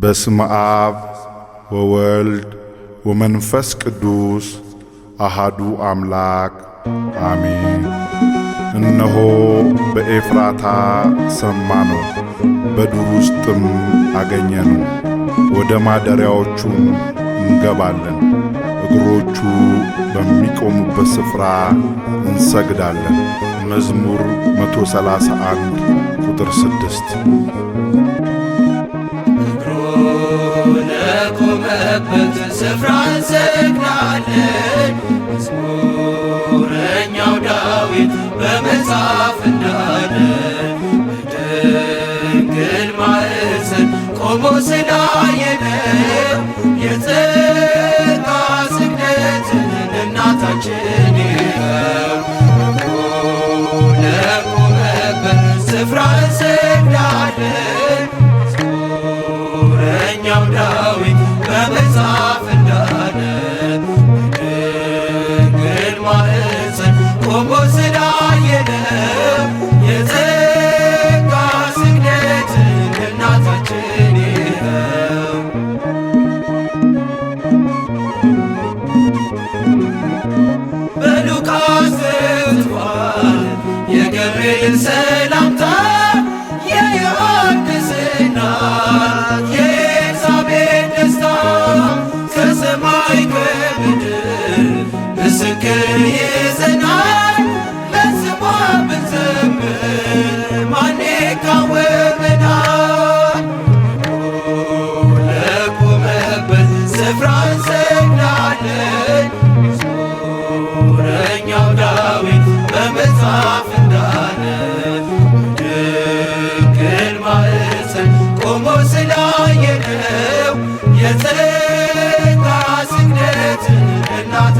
በስመ አብ ወወልድ ወመንፈስ ቅዱስ አሃዱ አምላክ አሜን። እነሆ በኤፍራታ ሰማነው፣ በዱር ውስጥም አገኘነው። ወደ ማደሪያዎቹም እንገባለን፣ እግሮቹ በሚቆሙበት ስፍራ እንሰግዳለን። መዝሙር 131 ቁጥር 6 ባለበት ስፍራ እንሰግናለን። መዝሙረኛው ዳዊት በመጽሐፍ እንዳለ በድንግል ማህፀን ቆሞ ስላየነው የጸጋ ስግደትን እናታችን ካስቷል የገብርኤልን ሰላም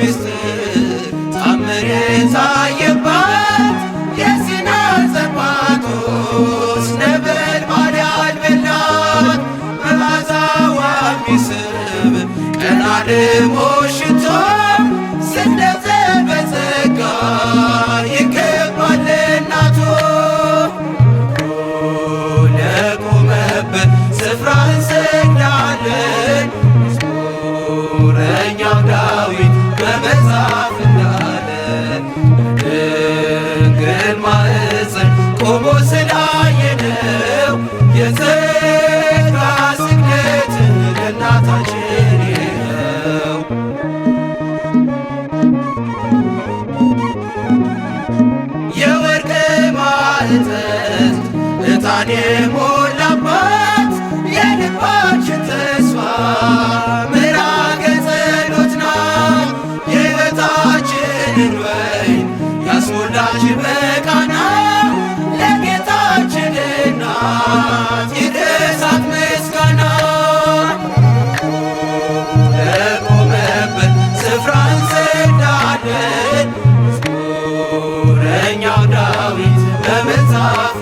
ምስጢር ታምር የታየባት የሲና ጸባቶስ ነበልባል ያልበላት በአዛዋ ሚስብ ቀና ደሞ በመጽሐፍ እንዳለ ድንግል ማኅፀን ቆሞ ስላየነው የጽጋ ስግደት ለእናታችን ነው። የወርቅ ማኅፀን ዕጣን የሞላ ሞተሽ በቃና ለጌታችን እናት ይድረሳት ምስጋና ለቆመበት ስፍራ እንሰዳለን መዝሙረኛው ዳዊት በመጻፍ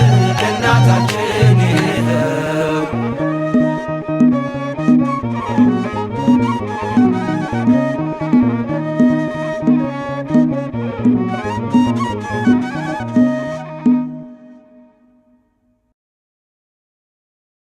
እናታችን